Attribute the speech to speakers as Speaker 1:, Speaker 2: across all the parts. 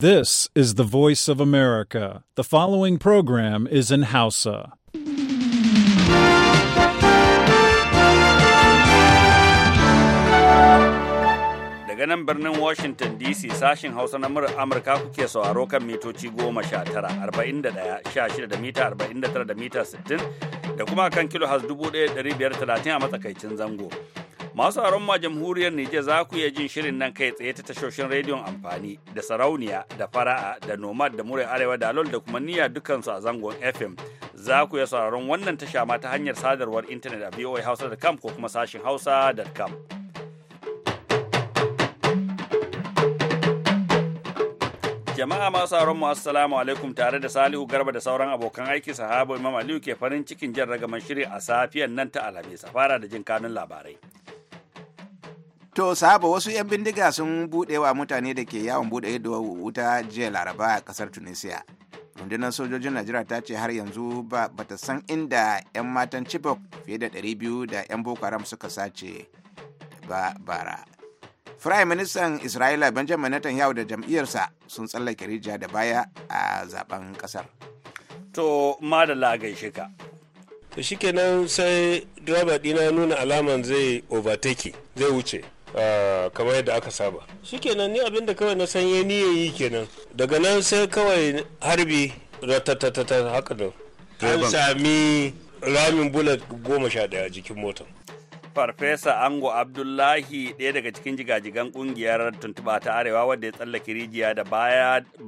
Speaker 1: This is the voice of America. The following program is in Hausa.
Speaker 2: Daga nan birnin Washington DC sashin Hausa na murar Amurka kuke sauraro kan mitoci goma sha tara, arba'in da ɗaya, sha shida mita, arba'in da tara da mita sittin, da kuma kan kilo has dubu ɗaya ɗari biyar talatin a matsakaicin zango. Masu aron ma jamhuriyar Nijar za ku iya jin shirin nan kai tsaye ta tashoshin rediyon amfani da sarauniya da fara'a da nomad da murai arewa da alol da kuma niyya dukansu a zangon FM. Za ku iya sauraron wannan tasha ma ta hanyar sadarwar intanet a voahausa.com ko kuma sashin hausa.com. jama'a masu sauran mu assalamu alaikum tare da salihu garba da sauran abokan aiki sahabo imam aliyu ke farin cikin jan ragaman shiri a safiyar nan ta alhamis a fara da jin kanun labarai
Speaker 3: To saba wasu 'yan bindiga sun buɗe wa mutane da ke yawon buɗe ido wuta jiya laraba a ƙasar Tunisia. Rundunar sojojin Najeriya ta ce har yanzu ba ta san inda 'yan matan Chibok fiye da 200 da 'yan Boko Haram suka sace ba bara. Firayim Ministan Isra'ila Benjamin Netanyahu da jam'iyyarsa sun tsallake rijiya da baya a zaben kasar.
Speaker 2: To, madalla gaishe ka.
Speaker 3: To shikenan sai
Speaker 4: direba dina nuna alaman zai overtake zai wuce. Ah, kamar yadda aka saba shikenan ni abinda kawai na sanye ni yi kenan daga nan sai kawai harbi ratatatata haka da an sami ramin bullet goma sha daya jikin motar
Speaker 2: Farfesa Ango Abdullahi ɗaya daga cikin jigajigan ƙungiyar tuntuɓa ta Arewa wadda ya tsallake rijiya da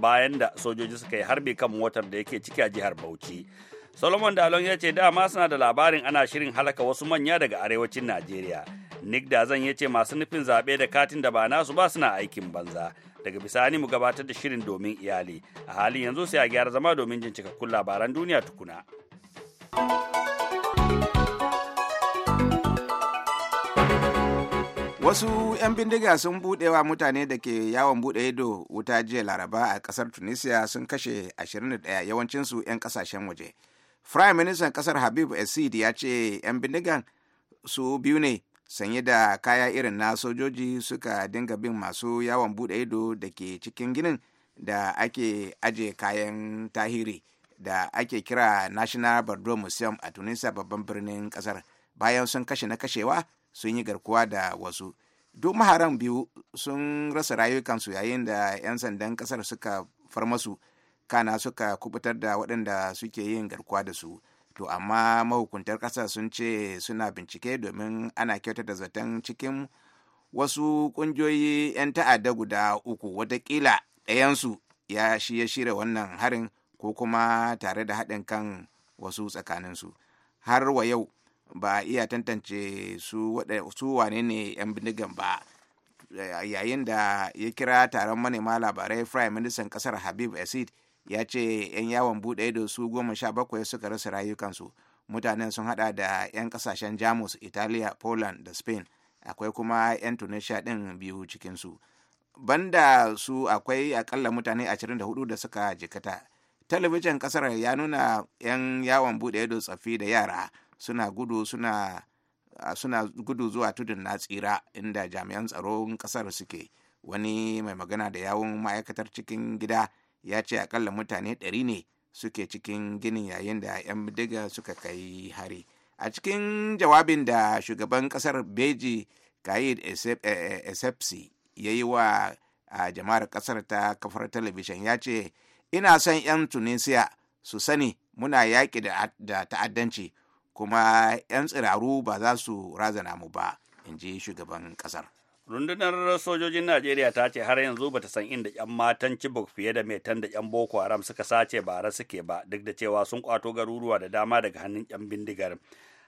Speaker 2: bayan da sojoji suka yi harbi kan motar da yake ciki a jihar Bauchi. Solomon Dalon ya ce dama suna da labarin ana shirin halaka wasu manya daga arewacin Najeriya. nick da zan ya ce masu nufin zaɓe da katin da ba nasu ba suna aikin banza daga bisani mu gabatar da shirin domin iyali a halin yanzu sai a gyara zama domin jin cikakkun labaran duniya tukuna
Speaker 3: wasu 'yan bindiga sun buɗewa mutane da ke yawon buɗe ido wuta jiya laraba a ƙasar tunisia sun kashe 21 yawancinsu 'yan ƙasashen waje prime minister ƙasar habib esid ya ce 'yan bindigan su biyu ne sanye da kaya irin na sojoji suka dinga bin masu yawon bude ido da ke cikin ginin da ake aje kayan tahiri da ake kira national bardo museum a tunisia babban birnin kasar bayan sun kashe na kashewa sun yi garkuwa da wasu duk maharan biyu sun rasa rayukansu yayin da 'yan sandan kasar suka far masu kana suka kubutar da waɗanda suke yin garkuwa da su to amma mahukuntar ƙasa sun ce suna bincike domin ana kyautar da zaton cikin wasu ƙungiyoyi 'yan ta'adda guda uku watakila ɗayansu ya shi ya shirya wannan harin ko kuma tare da haɗin kan wasu tsakaninsu har wa yau ba a iya tantance su wane ne 'yan bindigan ba yayin da ya kira taron manema labarai prime minister kasar habib asid ya ce 'yan yawon buɗe ido su goma sha bakwai suka rasa rayukansu mutanen sun hada da 'yan kasashen jamus italiya poland da spain akwai kuma 'yan tunisia ɗin biyu cikinsu banda su akwai akalla mutane 24 da suka jikata talabijin kasar ya nuna 'yan yawon buɗe ido tsaffi da yara suna gudu suna suna gudu zuwa tudun na tsira inda jami'an tsaron kasar suke wani mai magana da yawon ma'aikatar cikin gida ya ce akalla mutane ɗari ne suke cikin ginin yayin da 'yan bindiga suka kai hari a cikin jawabin da shugaban kasar beji kayid eh, eh, esepsi ya yi wa jama'ar kasar ta kafar talabijin ya ce ina son 'yan tunisia su sani muna yaƙi da ta'addanci kuma 'yan tsiraru ba za su razana mu ba in ji shugaban kasar
Speaker 2: rundunar sojojin najeriya ta ce har yanzu bata san inda yan matan cibok fiye da metan da yan boko haram suka sace bara suke ba duk da cewa sun kwato garuruwa da dama daga hannun yan bindigar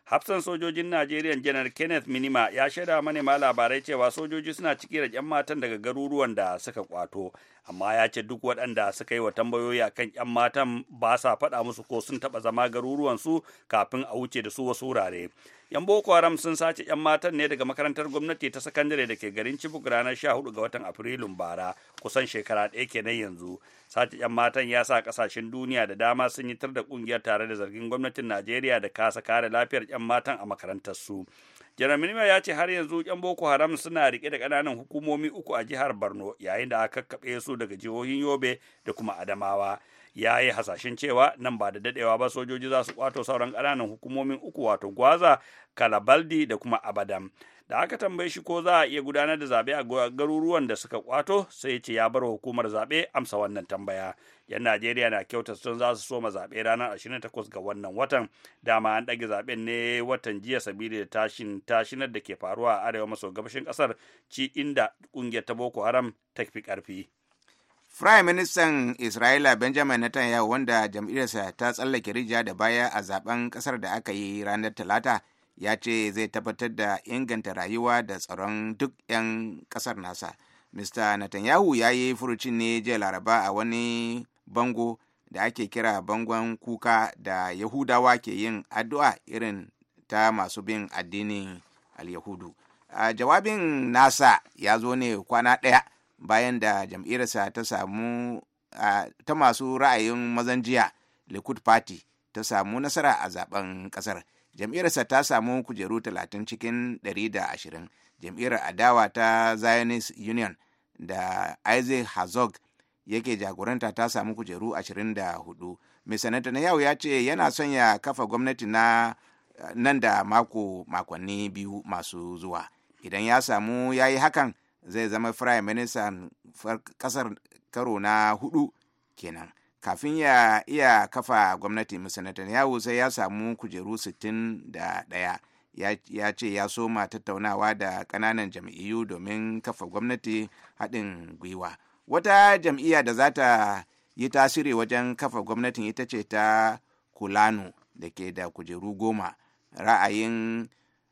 Speaker 2: hafsan sojojin najeriya janar kenneth minima ya shaida manema labarai cewa sojoji suna cike da yan matan daga garuruwan da suka kwato amma ya ce duk waɗanda suka yi wa tambayoyi a kan 'yan matan ba sa faɗa musu ko sun taɓa zama garuruwansu kafin a wuce da su wasu wurare. 'yan boko haram sun sace 'yan matan ne daga makarantar gwamnati ta sakandare da ke garin cibuk ranar 14 ga watan afrilun bara kusan shekara ɗaya kenan yanzu sace 'yan matan ya sa kasashen duniya da dama sun yi tar da ƙungiyar tare da zargin gwamnatin najeriya da kasa kare lafiyar 'yan matan a makarantar su janar ya ce har yanzu yan boko haram suna rike da ƙananan hukumomi uku a jihar borno yayin da aka kakkaɓe su daga jihohin yobe da kuma adamawa ya yi hasashen cewa nan ba da dadewa ba sojoji za su kwato sauran ƙananan hukumomin uku wato gwaza kalabaldi da kuma abadam da aka tambaye shi ko za a iya gudanar da zaɓe a garuruwan da suka kwato sai ya ce ya bar hukumar zaɓe amsa wannan tambaya yan najeriya na kyauta sun za su soma zaɓe ranar 28 ga wannan watan dama an ɗage zaɓen ne watan jiya sabili da tashin tashinar da ke faruwa a arewa maso gabashin ƙasar ci inda ƙungiyar ta boko haram ta fi ƙarfi
Speaker 3: Prime Ministan Isra'ila Benjamin Netanyahu wanda jam'iyyarsa ta tsallake rijiya da baya a zaben kasar da aka yi ranar Talata ya ce zai tabbatar da inganta rayuwa da tsaron duk 'yan kasar nasa mr netanyahu ya yi furucin ne jiya laraba a wani bango da ake kira bangon kuka da yahudawa ke yin addu'a irin ta masu bin addinin al a jawabin nasa ya zo ne kwana ɗaya bayan da jam'iyyarsa ta samu ta masu ra'ayin mazan jiya likud party ta samu nasara a zaben kasar jam'iyyarsa ta samu kujeru 30 cikin 120 jam'iyyar adawa ta zionist union da isaac herzog yake jagoranta ta samu kujeru 24 mai sanata na yau ya ce yana son ya kafa gwamnati na nan da mako makonni biyu masu zuwa idan ya samu ya yi hakan zai zama prime minister kasar karo na hudu kenan kafin ya iya kafa gwamnati mr netanyahu sai ya samu kujeru 61 ya ce ya soma tattaunawa da kananan jam'iyyu domin kafa gwamnati haɗin gwiwa wata jam'iyya da za ta yi tasiri wajen kafa gwamnatin ita ce ta kulanu da ke da kujeru goma ra'ayin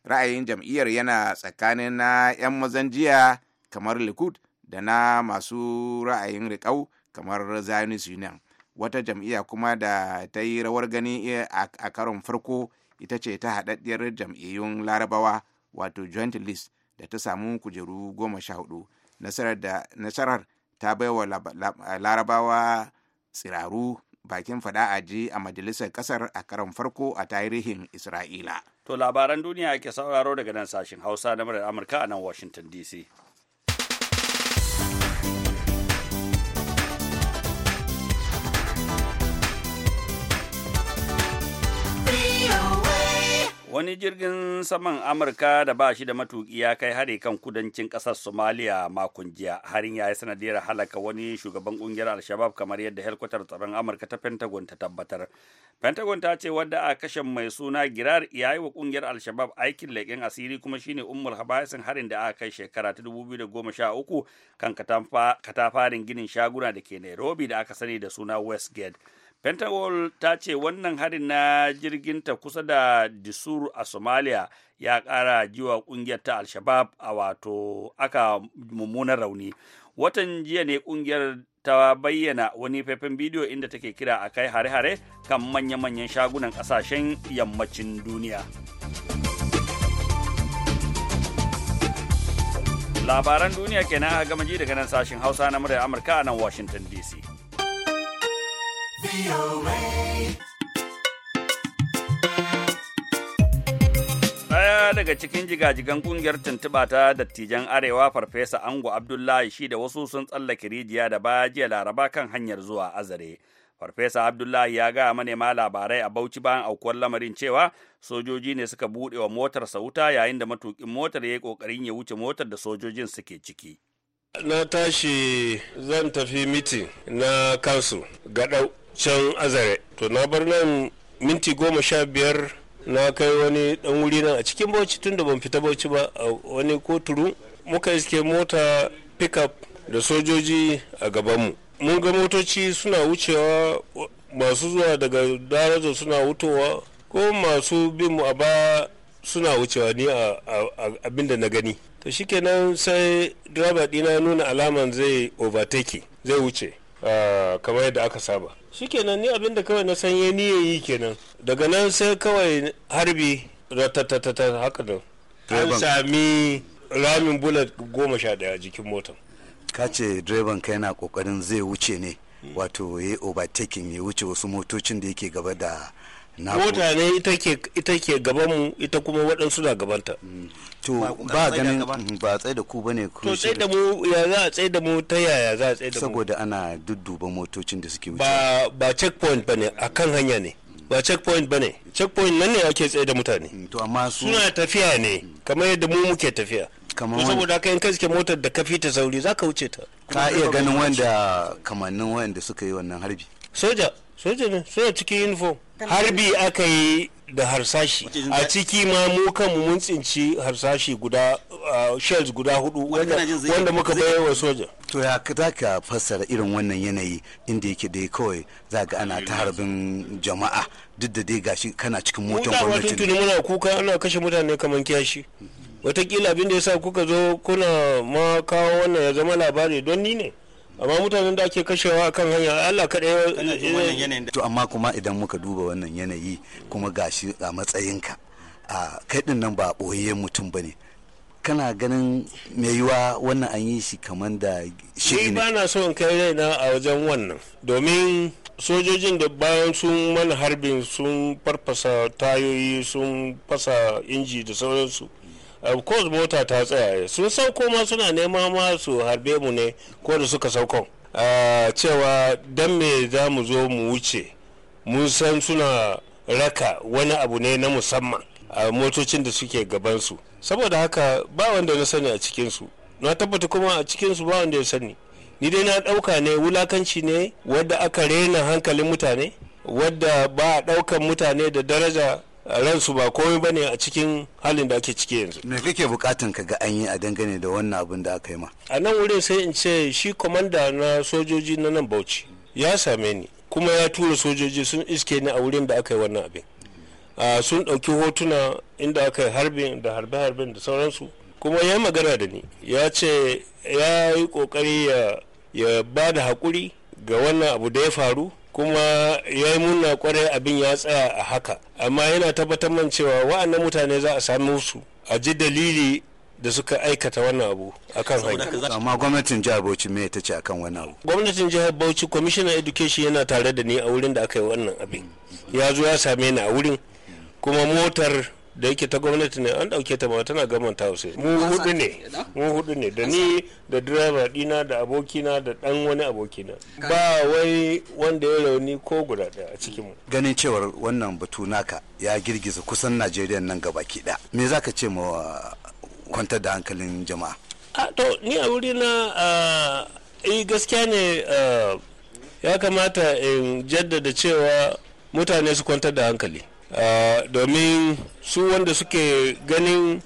Speaker 3: ra'ayin jam'iyyar yana tsakanin na 'yan mazan jiya kamar likud da na masu ra'ayin riƙau kamar zionist union wata jam'iyya kuma da ta yi rawar gani eh, a karon farko ita ce ta haɗaɗɗiyar jam'iyyun larabawa wato joint list da ta samu kujeru goma sha hudu nasarar ta bai wa larabawa tsiraru bakin fada ji a majalisar kasar a karon farko a tarihin isra'ila
Speaker 2: to labaran duniya ke sauraro daga nan sashen hausa na murar amurka a nan washington dc wani jirgin saman amurka da ba shi da matuki ya kai hari kan kudancin kasar somaliya makon jiya harin ya yi sanadiyar halaka wani shugaban ƙungiyar alshabab kamar yadda helkwatar tsaron amurka ta pentagon ta tabbatar pentagon ta ce wadda a kashen mai suna girar ya yi wa ƙungiyar alshabab aikin leƙen asiri kuma shine ummul habasin harin da aka kai shekara ta 2013 kan katafarin ginin shaguna da ke nairobi da aka sani da suna westgate Pentagon ta ce wannan harin na jirgin ta kusa da Disur a Somalia ya kara jiwa kungiyar ta Al-Shabaab a wato aka mummunan rauni. Watan jiya ne kungiyar ta bayyana wani faifan bidiyo inda take kira a kai hare-hare kan manya-manyan shagunan kasashen yammacin duniya. Labaran duniya kenan a gama daga nan sashen Hausa na muryar Amurka a nan Washington DC. daya daga cikin jigajigan kungiyar tuntuɓa ta dattijan Arewa Farfesa Ango Abdullahi shi da wasu sun tsallake rijiya da baya jiya laraba kan hanyar zuwa Azare. Farfesa Abdullahi ya gaya manema labarai a Bauchi bayan aukuwar lamarin cewa sojoji ne suka buɗe wa motarsa wuta yayin da matukin motar ya yi ƙoƙarin ya wuce motar da sojojin suke ciki.
Speaker 4: Na tashi zan tafi mitin na kansu gaɗau can azare to na bar nan minti goma sha biyar na kai wani dan wuri nan a cikin bauchi tun da ban fita bauchi ba a wani koturu muka iske mota pickup da sojoji a gabanmu mun ga motoci suna wucewa masu zuwa daga daraja suna wutowa ko masu bin mu a baya suna wucewa ni a abinda na gani to shikenan sai direba dina nuna alaman zai overtake zai wuce ah, kamar yadda aka saba shikenan ni abin da kawai na san ya niye yi kenan daga nan sai kawai harbi ratatatata haka da an sami ramin bullet goma sha daya jikin motan
Speaker 5: ka ce direban ka yana kokarin zai wuce ne wato ya yi overtaking ya wuce wasu motocin da yake gaba da mota ne ita ke gabanmu ita kuma waɗansu na gabanta mm. to ba ganin ba a tsaye da ku bane ku to tsaye da mu ya za a tsaye da mu ta yaya za a tsaye da mu saboda ana dudduba motocin da suke wuce ba ba checkpoint bane akan hanya ne ba checkpoint bane checkpoint nan ne ake tsaye da mutane mm, to amma su suna
Speaker 4: tafiya ne kamar yadda mu muke tafiya kamar wani saboda haka in ka motar da ka fita sauri za ka wuce ta ka iya ganin wanda
Speaker 5: kamannin wanda suka yi wannan harbi
Speaker 4: soja soja ne soja cikin uniform harbi aka yi da harsashi a ciki ma mu kanmu mun tsinci harsashi guda shells guda hudu wanda muka bayar wa soja
Speaker 5: to ya za ka fassara irin wannan yanayi inda yake dai kawai za ga ana ta harbin jama'a duk da dai gashi kana cikin motar gwamnati
Speaker 4: muna kuka ana kashe mutane kamar kiyashi watakila abin da ya sa kuka zo kuna ma kawo wannan ya zama
Speaker 5: labari don ni ne amma mutanen da ake kashewa kan hanya Allah kaɗai to amma kuma idan muka duba wannan yanayi kuma gashi a matsayinka a kai nan ba ɓoyayyen mutum bane ne kana ganin mai yiwa wannan an yi shi kamar da
Speaker 4: shi ne ba na son kai raina a wajen wannan domin sojojin da bayan sun mana harbin sun farfasa tayoyi sun fasa inji da sauransu of course mota ta tsaya sun sauko ma suna nema ma su harbe mu ne ko da suka sauko ah, cewa dan me za mu zo mu wuce mun san suna raka wani abu ne na musamman a motocin da suke gabansu saboda haka ba wanda na sani a cikinsu na tabbata kuma a cikinsu ba wanda ya sani ni dai na ɗauka ne wulakanci ne wadda aka rena hankalin mutane wadda ba a ɗaukan mutane da daraja ransu ba komai ba ne a cikin
Speaker 5: halin da ake ciki yanzu. Me kake bukatan ka ga an yi a dangane da wannan abin da aka yi ma? A
Speaker 4: nan wurin sai in ce shi kwamanda na sojoji na nan Bauchi ya same ni kuma ya tura sojoji sun iske ni a wurin da aka yi wannan abin. sun ɗauki hotuna inda aka yi harbin da harbe harbin da sauransu kuma ya magana da ni ya ce ya yi ƙoƙari ya ba da haƙuri ga wannan abu da ya faru kuma ya yi muna kwarai abin ya tsaya a haka amma yana tabbatar man cewa wa'annan mutane za a samu
Speaker 5: su a ji dalili da suka aikata wannan abu akan hanya amma gwamnatin jihar bauchi me ta ce akan wannan abu
Speaker 4: gwamnatin jihar bauchi commissioner education yana tare da ni a wurin da aka yi wannan abin ya zo ya same ni a wurin kuma motar da yake ta gwamnati ne an dauke ta ba tana ta hausai. mu hudu ne mu hudu ne da ni da driver dina da abokina da dan wani abokina ba wai wanda ya rauni ko guda daya a cikin mu
Speaker 5: ganin cewar wannan batu naka ya girgiza kusan Najeriya nan gaba ki da me zaka ce ma kwantar da hankalin jama'a
Speaker 4: a to ni a wuri na eh gaskiya ne ya kamata in jaddada cewa mutane su kwantar da hankali Ah, domin su wanda suke ganin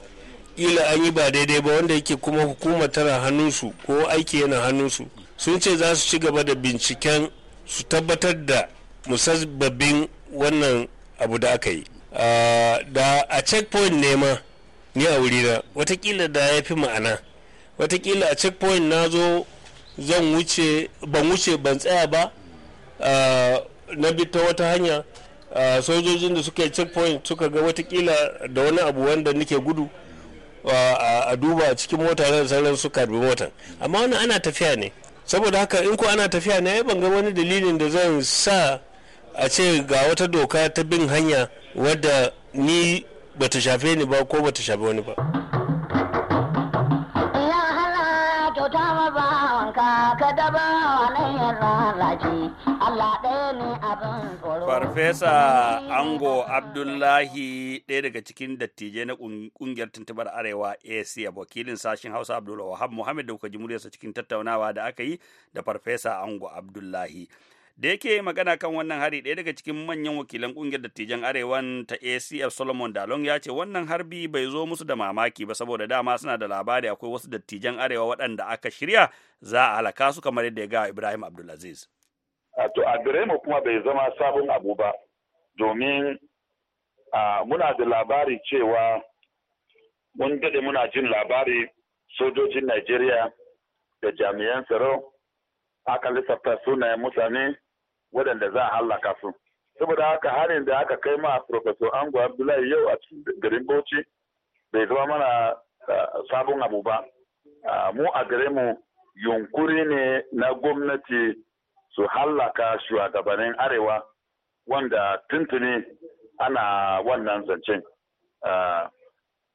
Speaker 4: ila an yi ba daidai ba wanda yake kuma hukumar tana hannunsu ko aiki yana hannunsu sun ce za su ci gaba da binciken su tabbatar da musabbabin wannan abu da aka yi ah, da a checkpoint ne ma ni a wurina watakila da ya fi ma'ana watakila a checkpoint na zo zan wuce ban wuce ban tsaya ba ah, na bi ta wata hanya sojojin da suka yi checkpoint suka ga watakila da wani abu wanda nake gudu a duba cikin mota da sauran su karbi motan amma wani ana tafiya ne saboda haka in ko ana tafiya ne ban ga wani dalilin da zan sa a ce ga wata doka ta bin hanya wadda ni bata shafe ni ba ko bata shafe wani ba.
Speaker 6: Farfesa Ango
Speaker 2: Abdullahi ɗaya daga cikin dattijai na ƙungiyar tuntubar Arewa AC a wakilin sashen Hausa Abdullahi Wahab Muhammad da kuka ji muryarsa cikin tattaunawa da aka yi da Farfesa Ango Abdullahi. da yake magana kan wannan hari ɗaya daga cikin manyan wakilan ƙungiyar dattijan arewan ta acf solomon dalong ya ce wannan harbi bai zo musu da mamaki ba saboda dama suna da labari akwai wasu dattijan arewa waɗanda aka shirya za a halaka su kamar yadda ya ga ibrahim abdulaziz
Speaker 7: to a gare mu kuma bai zama sabon abu ba domin muna da labari cewa mun daɗe muna jin labari sojojin Najeriya da jami'an tsaro aka lissafta sunayen mutane waɗanda za a hallaka su. Saboda haka harin da aka kai ma Profesor Ango Abdullahi yau a cikin garin Bauchi bai zama mana sabon abu ba. Mu a gare mu yunkuri ne na gwamnati su hallaka shugabannin arewa wanda tuntuni ana wannan zancen.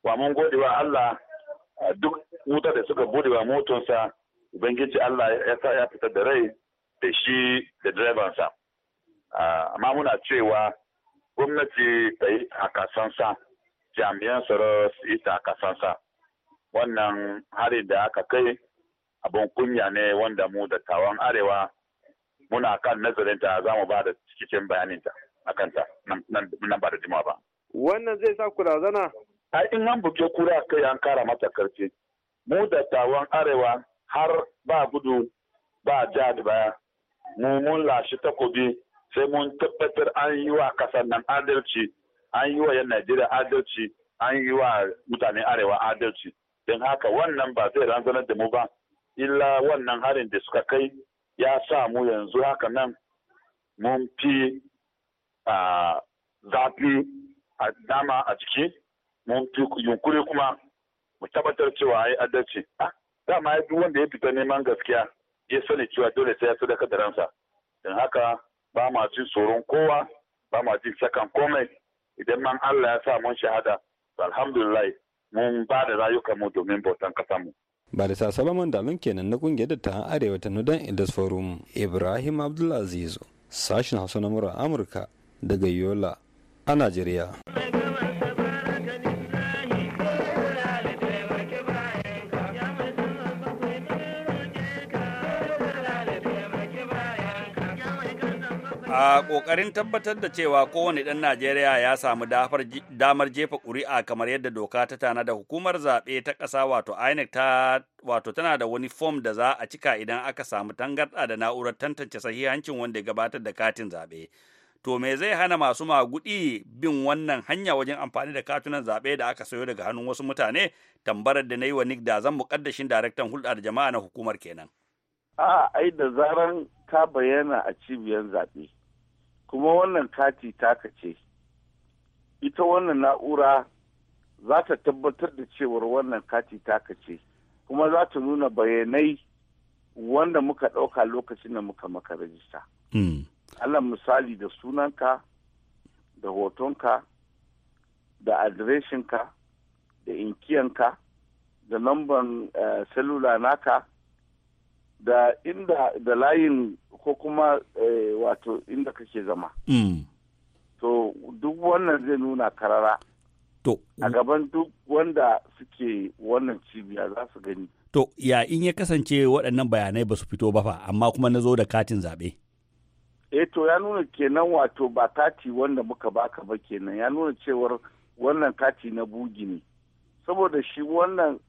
Speaker 7: Wa mun godewa Allah duk wuta da suka budewa motonsa Ubangiji Allah ya sa ya fitar da rai da shi da direbansa. Amma muna cewa gwamnati ta yi takasansa, jami'an tsaro su yi takasansa. Wannan harin da aka kai abin kunya ne wanda mu da tawon arewa muna kan nazarinta za mu ba da cikin bayaninta a kanta nan ba da jima ba.
Speaker 8: Wannan zai sa ku razana?
Speaker 7: Ai in an buge kura kai an kara mata karfi. Mu da tawon arewa har ba gudu ba ja baya. Mu mun lashe takobi sai mun tabbatar an yi wa kasar nan adalci, an yi wa yan Najeriya adalci, an yi wa mutanen arewa adalci. Don haka wannan ba zai ranzanar da mu ba, illa wannan harin da suka kai ya sa mu yanzu haka nan mun fi zafi a dama a ciki mun fi yunkuri kuma mu tabbatar cewa ya adalci dama ya duk wanda ya fita neman gaskiya ya sani cewa dole sai ya sadaka da ransa don haka ba ma jin tsoron kowa ba ma jin shakan komai idan man Allah ya sa mun shahada alhamdulillah mun ba da rayuka mu domin bautan kasanmu.
Speaker 4: ba da barisa solomon dalon kenan na kungiyar dattawan arewa ta nudan indus forum ibrahim abdulaziz sashen hausa na amurka daga yola a najeriya
Speaker 2: a kokarin tabbatar da cewa kowane dan najeriya ya samu damar jefa ƙuri'a kamar yadda doka ta tana da hukumar zaɓe ta ƙasa wato inec ta wato tana da wani fom da za a cika idan aka samu tangarɗa da na'urar tantance sahihancin wanda ya gabatar da katin zaɓe to me zai hana masu maguɗi bin wannan hanya wajen amfani da katunan zaɓe da aka sayo daga hannun wasu mutane tambarar da na yi wa nick da zan muƙaddashin daraktan hulɗa da jama'a na hukumar kenan
Speaker 8: a'a ai da zaran ka bayyana a cibiyar zaɓe kuma wannan kati taka ce ita wannan na'ura za ta tabbatar da cewar wannan kati taka ce kuma za ta nuna bayanai wanda muka ɗauka lokacin da muka maka rajista. Hmm. Allah misali da sunanka da hotonka da adireshinka da inkiyanka da lambar uh, naka da inda da layin ko kuma eh, wato inda kake zama mm. to duk wannan zai nuna karara to a gaban duk wanda suke wannan cibiya za su gani
Speaker 2: to ya in ya kasance waɗannan bayanai ba su fito ba fa amma kuma na zo da katin zaɓe
Speaker 8: e to ya nuna kenan wato ba kati wanda muka baka ba kenan ya nuna cewar wannan kati na bugi ne saboda shi wannan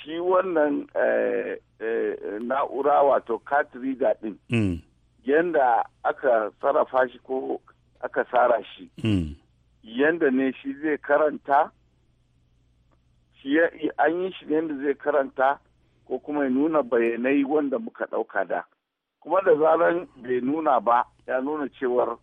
Speaker 8: shi wannan eh, eh, na'ura wato katrida din mm. yadda aka sarrafa shi ko aka tsara shi mm. yadda ne shi zai karanta shi an yi shi yadda zai karanta ko kuma ya nuna bayanai wanda muka ɗauka da kuma da zaran bai nuna ba ya nuna cewar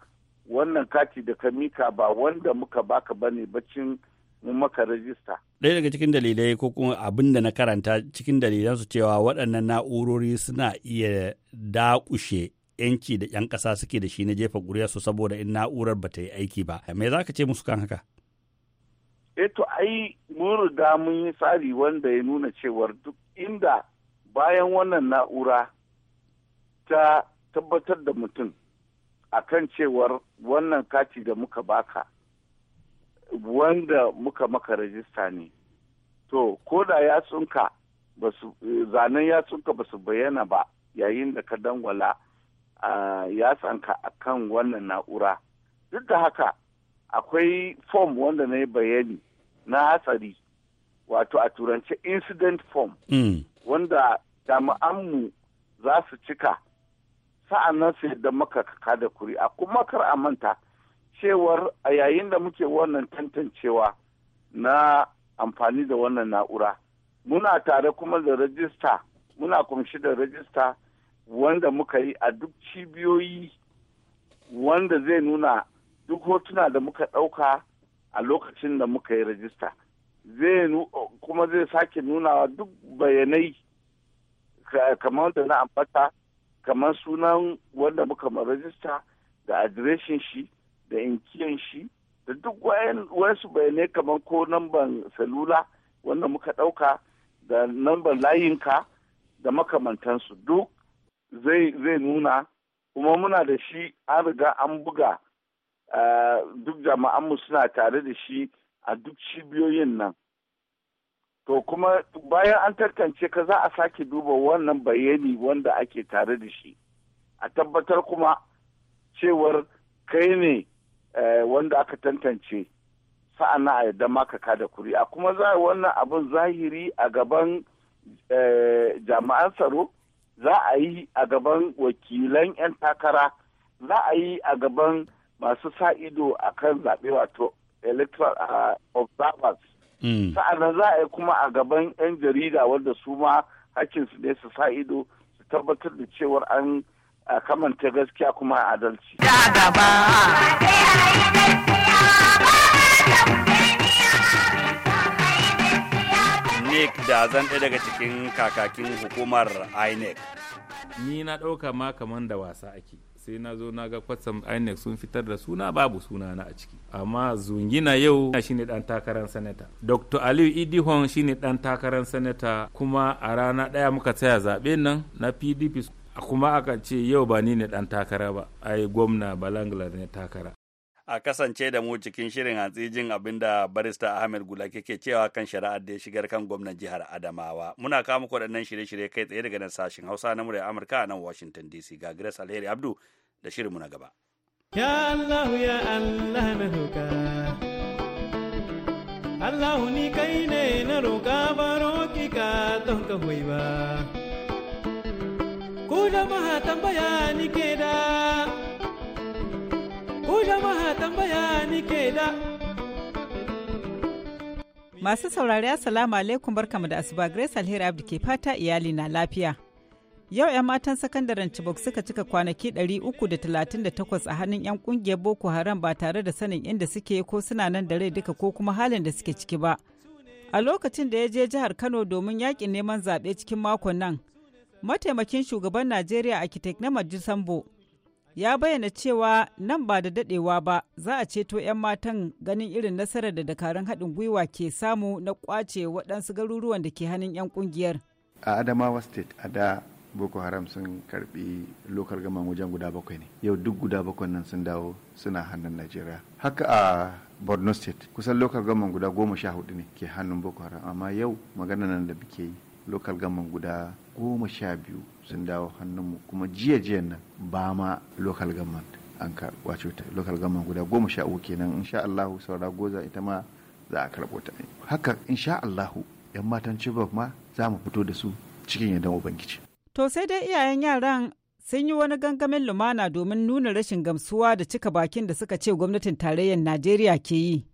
Speaker 8: wannan kati da ka mika ba wanda muka baka bane bacin mun maka
Speaker 7: rajista.
Speaker 2: Ɗaya daga cikin dalilai ko kuma abin da na karanta cikin dalilan su cewa waɗannan na'urori suna iya dakushe yanci da 'yan ƙasa suke da shi na jefa su saboda in na'urar ba ta yi aiki ba. Me za ka ce musu kan haka?
Speaker 7: Eto eh
Speaker 8: ai mun riga mun yi tsari wanda ya nuna cewar duk inda bayan wannan na'ura ta tabbatar da mutum akan cewar wannan kati da muka baka. wanda muka maka rajista ne to ko da yatsunka zanen yatsunka ba su bayyana ba yayin da ka dangwala yatsanka a kan wannan na'ura duk da haka akwai fom wanda na yi bayani na hatsari wato a turance incident form mm. wanda jami'anmu za su cika sa'an nan sayar da maka kada kuri a kuma kar a manta cewar a yayin da muke wannan tantancewa na amfani da wannan na'ura muna tare kuma da rajista muna kumshi da rajista wanda muka yi a duk cibiyoyi wanda zai nuna duk hotuna da muka ɗauka a lokacin da muka yi rajista kuma zai sake nunawa duk bayanai kamar da na ambata kamar sunan wanda muka ma rajista da adireshin shi da inkiyan shi da duk wasu bayanai kamar ko namban salula wanda muka ɗauka da namban layinka da makamantansu duk zai nuna kuma muna da shi an riga an buga duk jama'anmu suna tare da shi a duk cibiyoyin nan to kuma bayan an tantance ka za a sake duba wannan bayani wanda ake tare da shi a tabbatar kuma cewar kai ne Eh, wanda aka tantance sa'an na a yadda maka kada kuri'a kuma za wannan abin zahiri a gaban eh, jami'an tsaro za a yi a gaban wakilan 'yan takara za a yi a gaban masu sa'ido a kan zaɓe wato electoral ah, observers hmm. na za a yi kuma a gaban 'yan jarida wanda su ma hakkinsu ne su sa su tabbatar da cewar an a kamanta gaskiya kuma adalci.
Speaker 2: Nick da zan ɗaya daga cikin kakakin hukumar INEC.
Speaker 4: Ni na ɗauka ma kamar da wasa ake. sai na zo na ga kwatsam INEC sun fitar da suna babu suna na a ciki. Amma zungina yau shine ɗan takarar sanata. Dr. Aliyu Idihon shine ɗan takarar sanata kuma a rana ɗaya muka tsaya zaɓe nan na PDP a kuma aka ce yau ba ni ne dan takara ba ai gwamna balangla ne
Speaker 2: takara a kasance da mu cikin shirin hantsi jin abin da barista ahmed gula ke cewa kan shari'ar da ya shigar kan gwamnan jihar adamawa muna kama waɗannan shirye-shirye kai tsaye daga nan sashen hausa na murya amurka a nan washington dc ga grace alheri abdu da shirin na gaba ya
Speaker 4: allah ya allah na roka allah ni kai ne na roka baro ki ka don ka ba
Speaker 1: jama'a tambaya ni ke da tambaya ni Masu saurari Assalamu alaikum barkamu da asuba Grace Alheri Abdi ke fata iyali na lafiya. Yau 'yan matan sakandaren Chibok suka cika kwanaki 338 a hannun 'yan kungiyar Boko Haram ba tare da sanin inda suke ko suna nan da rai duka ko kuma halin da suke ciki ba. A lokacin da ya je jihar Kano domin yakin neman zaɓe cikin makon nan, mataimakin shugaban najeriya a kitek na majisambo ya bayyana cewa nan ba da dadewa ba za a ceto 'yan matan ganin irin nasarar da dakarun haɗin gwiwa ke samu na kwace waɗansu garuruwan da ke hannun 'yan ƙungiyar
Speaker 6: a adamawa state a da boko haram sun karbi lokar gaman wajen guda bakwai ne yau duk guda bakwai nan sun dawo suna hannun najeriya haka a borno state kusan lokar gaman guda goma sha hudu ne ke hannun boko haram amma yau magana nan da muke yi local government guda goma sha biyu sun dawo hannunmu kuma jiya jiyan nan ba ma local government an wace ta local government guda goma sha uku kenan insha Allahu saura goza ita ma za a karɓo ta haka insha Allahu yan matan Chibok ma za mu fito da su cikin yadda ubangiji
Speaker 1: to sai dai iyayen yaran sun yi wani gangamin lumana domin nuna rashin gamsuwa da cika bakin da suka ce gwamnatin tarayyar Najeriya ke yi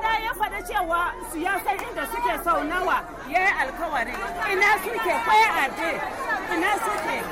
Speaker 1: fada ya faɗa cewa su ya inda suke sau nawa ya yi alkawari ina suke kwaya a ina suke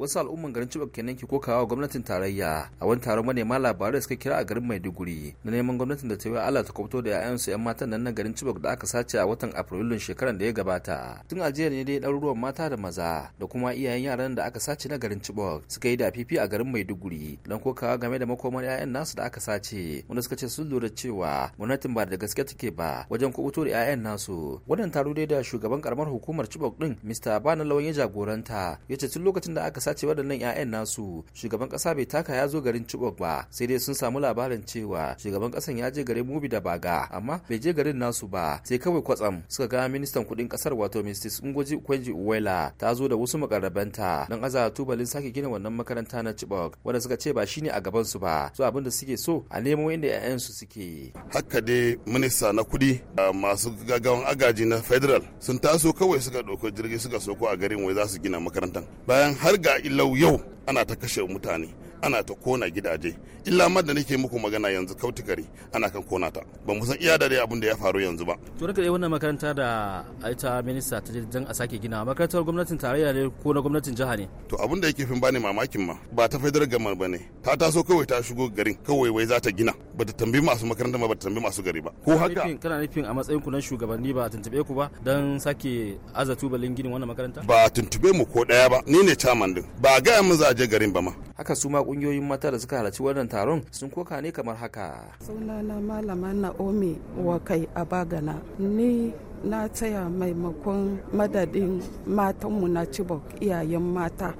Speaker 6: wasu al'umman garin Chibok kenan ke kokawa gwamnatin tarayya a wani taron manema labarai da suka kira a garin Maiduguri na neman gwamnatin da ta yi Allah ta kwamto da 'ya'yansu 'yan matan nan na garin Chibok da aka sace a watan Afrilun shekaran da ya gabata. Tun a jiya ne dai ɗaruruwan mata da maza da kuma iyayen yaran da aka sace na garin Chibok suka yi da fifi a garin Maiduguri don kokawa game da makoman 'ya'yan nasu da aka sace wanda suka ce sun lura cewa gwamnatin ba da gaske take ba wajen kwamto da 'ya'yan nasu. Wannan taro dai da shugaban karamar hukumar cibok din Mr. Bana Lawan ya jagoranta ya ce tun lokacin da aka ce waɗannan 'ya'yan nasu shugaban kasa bai taka ya zo garin Chibok ba sai dai sun samu labarin cewa shugaban ƙasan ya je garin Mubi da Baga amma bai je garin nasu ba sai kawai kwatsam suka ga ministan kudin kasar wato Mrs. Ngoji Kwenji Uwela ta zo da wasu makarabanta don aza tubalin sake gina wannan makaranta na Chibok wanda suka ce ba shine a gaban su ba su abin da suke so a nemo inda 'ya'yan su suke haka dai minista na kuɗi masu gaggawan agaji na federal sun taso kawai suka ɗauko jirgi suka soko a garin wai za su gina makarantar bayan har ga illa yau ana ta kashe mutane ana ta kona gidaje illa ma da nake muku magana yanzu kautikari ana kan kona ta ba mu san iya da abin da ya faru yanzu ba to da kai wannan makaranta da ta minista ta je dan a sake gina makarantar gwamnatin tarayya ne ko na gwamnatin jiha ne to abin da yake fin bani mamakin ma ba ta faidar gamar bane ta taso kawai ta shigo garin kawai wai za ta gina ba ta tambi masu makaranta ba ta tambi masu gari ba ko haka kana nufin a matsayin ku na shugabanni ba tuntube ku ba dan sake aza tubalin ginin wannan makaranta ba tuntube mu ko daya ba ni ne chairman din ba ga mu za a je garin ba ma haka su ma kungiyoyin mata da suka halarci wannan taron sun koka ne kamar haka
Speaker 1: sunana malama naomi wakai abagana ni na tsaya maimakon madadin matanmu na cibok iyayen mata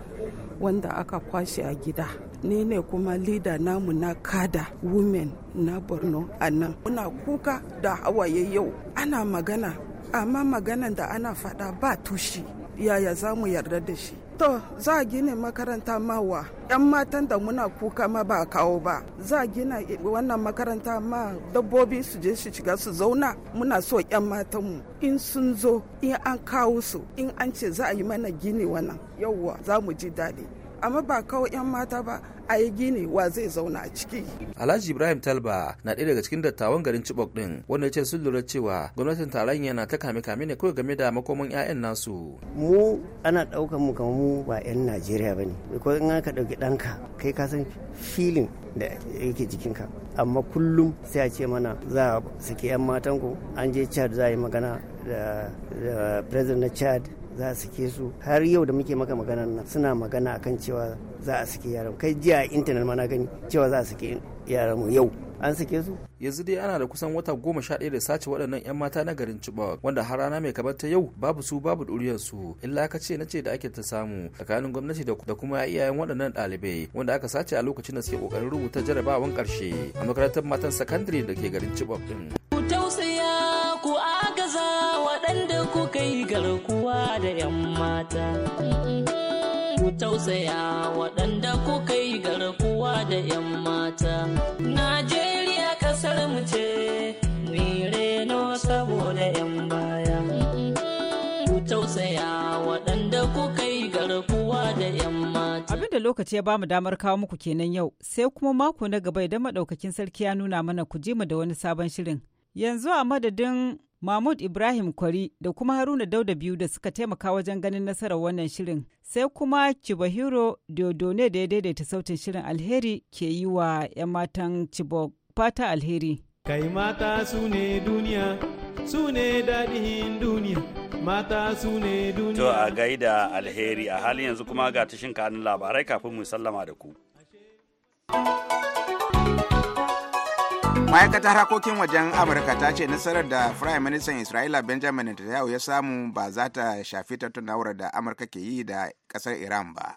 Speaker 1: wanda aka kwashe a gida ni ne kuma lida namu na kada women na borno a nan muna kuka da hawaye yau ana magana amma maganan da ana fada ba tushi yaya za mu yarda da shi to za a gina makaranta mawa yan matan da muna kuka ma ba kawo ba za a gina wannan makaranta ma dabbobi su je su shiga su zauna muna so yan matanmu in sun zo in an kawo su in an ce za a yi mana gini wannan yauwa za mu ji daɗi amma ba kawai 'yan mata ba a yi gini wa zai zauna a ciki.
Speaker 6: Alhaji Ibrahim Talba na ɗaya daga cikin dattawan garin Chibok ɗin wanda ya ce sun lura cewa gwamnatin tarayya na ta kame kame ne kawai game da makoman 'ya'yan nasu.
Speaker 4: Mu ana ɗaukan mu kamar mu ba 'yan Najeriya ba ne. Ko in ka ɗauki ɗanka kai ka san filin da yake jikinka. Amma kullum sai a ce mana za a saki 'yan matanku an je Chad za a yi magana da president Chad za a sike su har yau da muke maka magana nan suna magana akan cewa za a sike yaran kai jiya intanet ma na gani cewa za a
Speaker 6: sike yaran mu yau an sike su yanzu dai ana da kusan wata goma sha ɗaya da sace waɗannan 'yan mata na garin Chibok wanda har rana mai kamar ta yau babu su babu ɗuriyar su illa ka ce nace da ake ta samu tsakanin gwamnati da kuma iyayen waɗannan ɗalibai wanda aka sace a lokacin da suke ƙoƙarin rubuta jarabawan ƙarshe a makarantar matan sakandare da ke garin Chibok din.
Speaker 1: Tausaya ku a
Speaker 3: 'yan mata. tausaya waɗanda
Speaker 1: ku kai garkuwa da 'yan mata. Najeriya ƙasar mu ce, ni reno saboda 'yan baya. Ku tausaya waɗanda ku kai garkuwa da 'yan mata. Abin da lokaci ya bamu damar kawo muku kenan yau, sai kuma mako na gaba idan maɗaukakin sarki ya nuna mana ku ji mu da wani sabon shirin. Yanzu a madadin Mahmud Ibrahim Kwari da kuma Haruna Dauda biyu da suka taimaka wajen ganin nasarar wannan shirin. Sai kuma Chibahiro Diodone da ya daidaita sautin shirin alheri ke yi wa 'yan matan Chibok fata alheri. Kai mata su ne duniya, su ne daɗin duniya,
Speaker 4: mata
Speaker 3: su ne duniya. To
Speaker 2: a gaida alheri a halin yanzu kuma ga tashin kanin labarai kafin mu
Speaker 3: sallama da ku. ma'aikatar harkokin wajen amurka ta ce nasarar da prime minister isra'ila benjamin netanyahu ya samu ba za ta shafi tattaunawar da amurka ke yi da kasar iran ba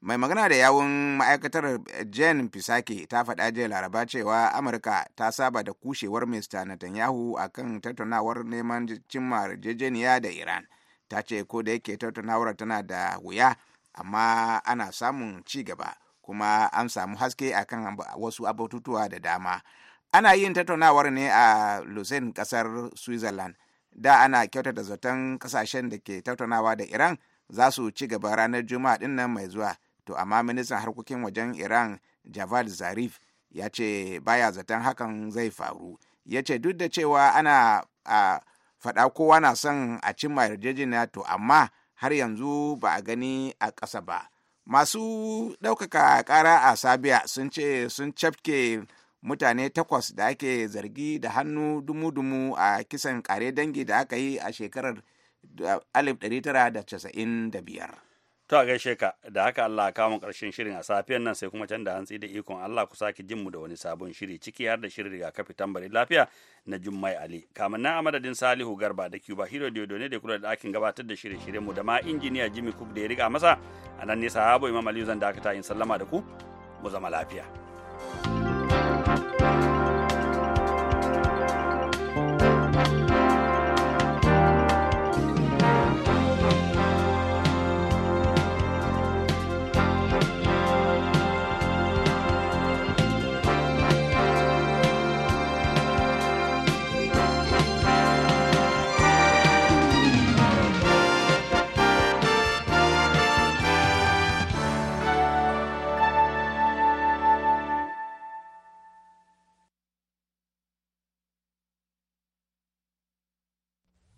Speaker 3: mai magana da yawun ma'aikatar jen pisaki ta faɗa jiya laraba cewa amurka ta saba da kushewar mr netanyahu a kan tattaunawar neman cimma yarjejeniya da iran ta ce ko da yake tattaunawar tana da wuya amma ana samun ci gaba kuma an samu haske akan wasu abututuwa da dama ana yin tattaunawar ne a lusin kasar switzerland da ana kyautata zaton kasashen da ke tattaunawa da iran za su ci gaba ranar juma'a din mai zuwa to amma ministan harkokin wajen iran javad zarif ya ce baya zaton hakan zai faru ya ce duk da cewa ana a faɗa kowa na son a cimma yarjejeniya to amma har yanzu ba a gani a ƙasa ba masu ɗaukaka ƙara a sabiya sun ce sun cafke mutane takwas da ake zargi da hannu dumu-dumu a kisan kare dangi da aka yi a shekarar 1995.
Speaker 2: To a gaishe ka da haka Allah kawo karshen shirin a safiyan nan sai kuma can da hantsi da ikon Allah ku sake jin mu da wani sabon shiri ciki har da shirin rigakafi tambarin lafiya na Jummai Ali. Kamin nan a madadin Salihu Garba da Cuba Hero Diodo ne da kula da ɗakin gabatar da shirin shirin mu da ma injiniya Jimmy Cook da ya riga masa a nan nesa sahabo Imam Aliyu zan dakata in sallama da ku mu zama lafiya. thank you